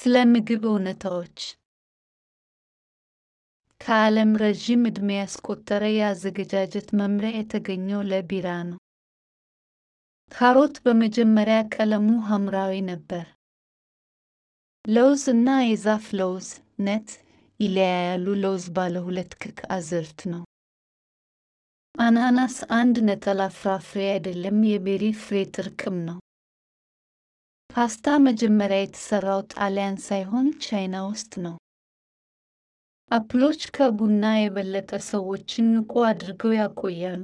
ስለ ምግብ እውነታዎች ከዓለም ረዥም ዕድሜ ያስቆጠረ የአዘገጃጀት መምሪያ የተገኘው ለቢራ ነው። ካሮት በመጀመሪያ ቀለሙ ሐምራዊ ነበር። ለውዝ እና የዛፍ ለውዝ ነት ይለያያሉ። ለውዝ ባለ ሁለት ክክ አዝርዕት ነው። አናናስ አንድ ነጠላ ፍራፍሬ አይደለም፣ የቤሪ ፍሬ ጥርቅም ነው። ፓስታ መጀመሪያ የተሰራው ጣሊያን ሳይሆን ቻይና ውስጥ ነው። አፕሎች ከቡና የበለጠ ሰዎችን ንቁ አድርገው ያቆያሉ።